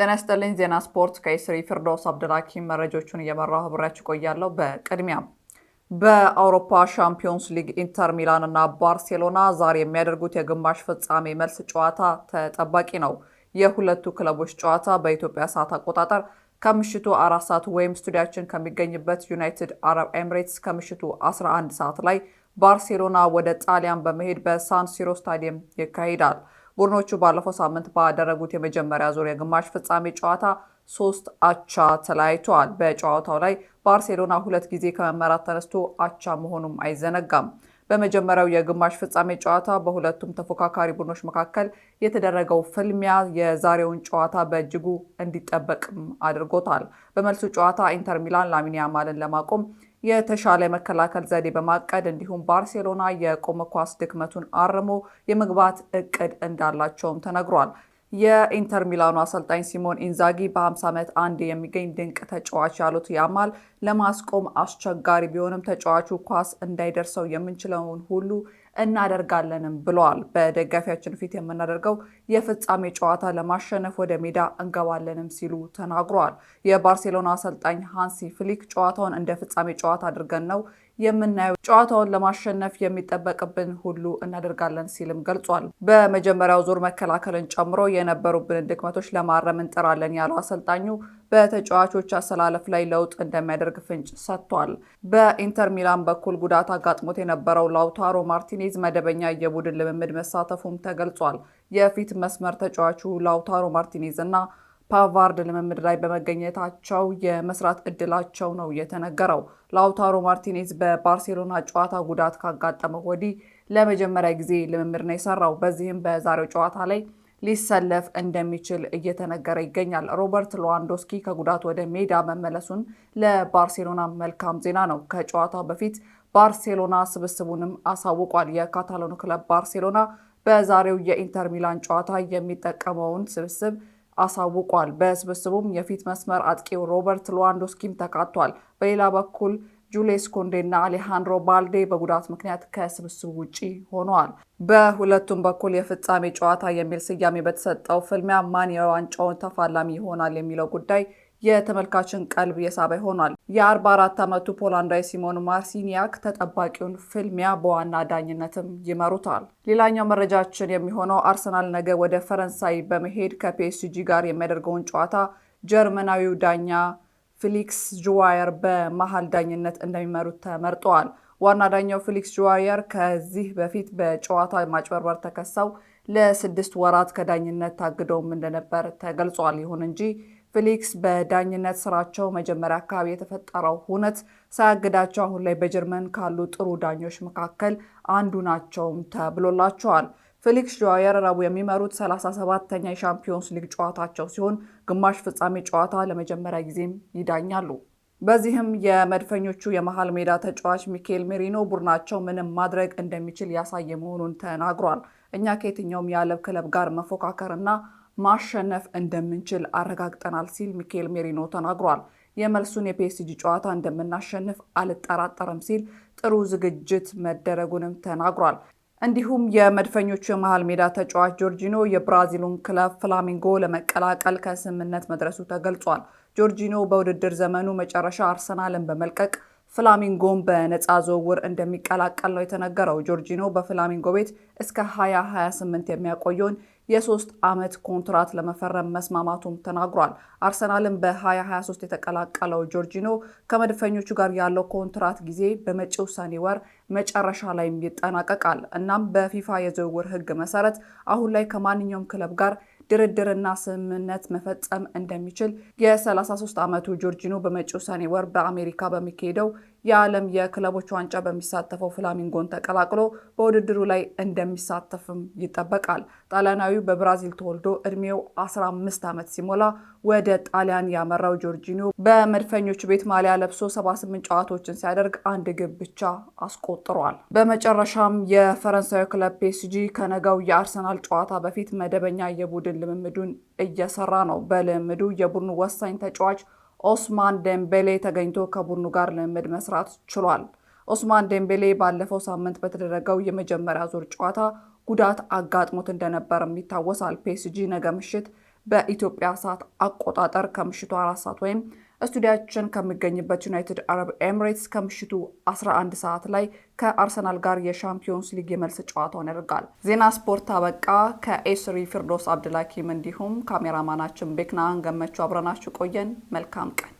ጤና ይስጥልኝ። ዜና ስፖርት ከኢስሪ ፍርዶስ አብደልሐኪም መረጃዎቹን እየመራው አብሬያችሁ እቆያለሁ። በቅድሚያ በአውሮፓ ሻምፒዮንስ ሊግ ኢንተር ሚላን እና ባርሴሎና ዛሬ የሚያደርጉት የግማሽ ፍጻሜ መልስ ጨዋታ ተጠባቂ ነው። የሁለቱ ክለቦች ጨዋታ በኢትዮጵያ ሰዓት አቆጣጠር ከምሽቱ አራት ሰዓት ወይም ስቱዲያችን ከሚገኝበት ዩናይትድ አረብ ኤምሬትስ ከምሽቱ 11 ሰዓት ላይ ባርሴሎና ወደ ጣሊያን በመሄድ በሳንሲሮ ስታዲየም ይካሄዳል። ቡድኖቹ ባለፈው ሳምንት ባደረጉት የመጀመሪያ ዙር የግማሽ ፍጻሜ ጨዋታ ሶስት አቻ ተለያይተዋል። በጨዋታው ላይ ባርሴሎና ሁለት ጊዜ ከመመራት ተነስቶ አቻ መሆኑም አይዘነጋም። በመጀመሪያው የግማሽ ፍጻሜ ጨዋታ በሁለቱም ተፎካካሪ ቡድኖች መካከል የተደረገው ፍልሚያ የዛሬውን ጨዋታ በእጅጉ እንዲጠበቅም አድርጎታል። በመልሱ ጨዋታ ኢንተር ሚላን ላሚን ያማልን ለማቆም የተሻለ የመከላከል ዘዴ በማቀድ እንዲሁም ባርሴሎና የቆመ ኳስ ድክመቱን አርሞ የመግባት እቅድ እንዳላቸውም ተነግሯል። የኢንተር ሚላኑ አሰልጣኝ ሲሞን ኢንዛጊ በ50 ዓመት አንድ የሚገኝ ድንቅ ተጫዋች ያሉት ያማል ለማስቆም አስቸጋሪ ቢሆንም ተጫዋቹ ኳስ እንዳይደርሰው የምንችለውን ሁሉ እናደርጋለንም ብለዋል። በደጋፊያችን ፊት የምናደርገው የፍጻሜ ጨዋታ ለማሸነፍ ወደ ሜዳ እንገባለንም ሲሉ ተናግረዋል። የባርሴሎና አሰልጣኝ ሃንሲ ፍሊክ ጨዋታውን እንደ ፍጻሜ ጨዋታ አድርገን ነው የምናየው ጨዋታውን ለማሸነፍ የሚጠበቅብን ሁሉ እናደርጋለን ሲልም ገልጿል። በመጀመሪያው ዙር መከላከልን ጨምሮ የነበሩብንን ድክመቶች ለማረም እንጥራለን ያለው አሰልጣኙ በተጫዋቾች አሰላለፍ ላይ ለውጥ እንደሚያደርግ ፍንጭ ሰጥቷል። በኢንተር ሚላን በኩል ጉዳት አጋጥሞት የነበረው ላውታሮ ማርቲኔዝ መደበኛ የቡድን ልምምድ መሳተፉም ተገልጿል። የፊት መስመር ተጫዋቹ ላውታሮ ማርቲኔዝ እና ፓቫርድ ልምምድ ላይ በመገኘታቸው የመስራት እድላቸው ነው የተነገረው። ላውታሮ ማርቲኔዝ በባርሴሎና ጨዋታ ጉዳት ካጋጠመው ወዲህ ለመጀመሪያ ጊዜ ልምምድ ነው የሰራው። በዚህም በዛሬው ጨዋታ ላይ ሊሰለፍ እንደሚችል እየተነገረ ይገኛል። ሮበርት ሎዋንዶስኪ ከጉዳት ወደ ሜዳ መመለሱን ለባርሴሎና መልካም ዜና ነው። ከጨዋታው በፊት ባርሴሎና ስብስቡንም አሳውቋል። የካታሎኑ ክለብ ባርሴሎና በዛሬው የኢንተር ሚላን ጨዋታ የሚጠቀመውን ስብስብ አሳውቋል። በስብስቡም የፊት መስመር አጥቂው ሮበርት ሉዋንዶስኪም ተካቷል። በሌላ በኩል ጁሌስ እና አሌሃንድሮ ባልዴ በጉዳት ምክንያት ከስብስቡ ውጪ ሆነዋል። በሁለቱም በኩል የፍጻሜ ጨዋታ የሚል ስያሜ በተሰጠው ፍልሚያ ማን የዋንጫውን ተፋላሚ ይሆናል የሚለው ጉዳይ የተመልካችን ቀልብ የሳበ ሆኗል። የ44 ዓመቱ ፖላንዳዊ ሲሞን ማርሲኒያክ ተጠባቂውን ፍልሚያ በዋና ዳኝነትም ይመሩታል። ሌላኛው መረጃችን የሚሆነው አርሰናል ነገ ወደ ፈረንሳይ በመሄድ ከፒኤስጂ ጋር የሚያደርገውን ጨዋታ ጀርመናዊው ዳኛ ፊሊክስ ጁዋየር በመሀል ዳኝነት እንደሚመሩት ተመርጠዋል። ዋና ዳኛው ፊሊክስ ጁዋየር ከዚህ በፊት በጨዋታ ማጭበርበር ተከሰው ለስድስት ወራት ከዳኝነት ታግደውም እንደነበር ተገልጿል። ይሁን እንጂ ፊሊክስ በዳኝነት ስራቸው መጀመሪያ አካባቢ የተፈጠረው ሁነት ሳያግዳቸው አሁን ላይ በጀርመን ካሉ ጥሩ ዳኞች መካከል አንዱ ናቸውም ተብሎላቸዋል። ፊሊክስ ጆየር ረቡ የሚመሩት 37ተኛ የሻምፒዮንስ ሊግ ጨዋታቸው ሲሆን ግማሽ ፍጻሜ ጨዋታ ለመጀመሪያ ጊዜም ይዳኛሉ። በዚህም የመድፈኞቹ የመሃል ሜዳ ተጫዋች ሚኬል ሜሪኖ ቡድናቸው ምንም ማድረግ እንደሚችል ያሳየ መሆኑን ተናግሯል። እኛ ከየትኛውም የዓለም ክለብ ጋር መፎካከርና ማሸነፍ እንደምንችል አረጋግጠናል ሲል ሚኬል ሜሪኖ ተናግሯል። የመልሱን የፒኤስጂ ጨዋታ እንደምናሸንፍ አልጠራጠርም ሲል ጥሩ ዝግጅት መደረጉንም ተናግሯል። እንዲሁም የመድፈኞቹ የመሃል ሜዳ ተጫዋች ጆርጂኖ የብራዚሉን ክለብ ፍላሚንጎ ለመቀላቀል ከስምምነት መድረሱ ተገልጿል። ጆርጂኖ በውድድር ዘመኑ መጨረሻ አርሰናልን በመልቀቅ ፍላሚንጎን በነፃ ዝውውር እንደሚቀላቀል ነው የተነገረው። ጆርጂኖ በፍላሚንጎ ቤት እስከ 2028 የሚያቆየውን የሶስት ዓመት ኮንትራት ለመፈረም መስማማቱም ተናግሯል። አርሰናልን በ2023 የተቀላቀለው ጆርጂኖ ከመድፈኞቹ ጋር ያለው ኮንትራት ጊዜ በመጪው ሰኔ ወር መጨረሻ ላይም ይጠናቀቃል። እናም በፊፋ የዝውውር ሕግ መሰረት አሁን ላይ ከማንኛውም ክለብ ጋር ድርድርና ስምምነት መፈጸም እንደሚችል የ33 ዓመቱ ጆርጂኖ በመጪው ሰኔ ወር በአሜሪካ በሚካሄደው የዓለም የክለቦች ዋንጫ በሚሳተፈው ፍላሚንጎን ተቀላቅሎ በውድድሩ ላይ እንደሚሳተፍም ይጠበቃል። ጣሊያናዊው በብራዚል ተወልዶ እድሜው 15 ዓመት ሲሞላ ወደ ጣሊያን ያመራው ጆርጂኒዮ በመድፈኞቹ ቤት ማሊያ ለብሶ 78 ጨዋታዎችን ሲያደርግ አንድ ግብ ብቻ አስቆጥሯል። በመጨረሻም የፈረንሳዊ ክለብ ፔስጂ ከነጋው የአርሰናል ጨዋታ በፊት መደበኛ የቡድን ልምምዱን እየሰራ ነው። በልምምዱ የቡድኑ ወሳኝ ተጫዋች ኦስማን ደምቤሌ ተገኝቶ ከቡድኑ ጋር ልምምድ መስራት ችሏል። ኦስማን ደምቤሌ ባለፈው ሳምንት በተደረገው የመጀመሪያ ዙር ጨዋታ ጉዳት አጋጥሞት እንደነበርም ይታወሳል። ፒኤስጂ ነገ ምሽት በኢትዮጵያ ሰዓት አቆጣጠር ከምሽቱ አራት ሰዓት ወይም ስቱዲያችን ከሚገኝበት ዩናይትድ አረብ ኤምሬትስ ከምሽቱ 11 ሰዓት ላይ ከአርሰናል ጋር የሻምፒዮንስ ሊግ የመልስ ጨዋታውን ያደርጋል። ዜና ስፖርት አበቃ። ከኤስሪ ፊርዶስ አብድላኪም እንዲሁም ካሜራማናችን ቤክናን ገመቹ አብረናችሁ ቆየን። መልካም ቀን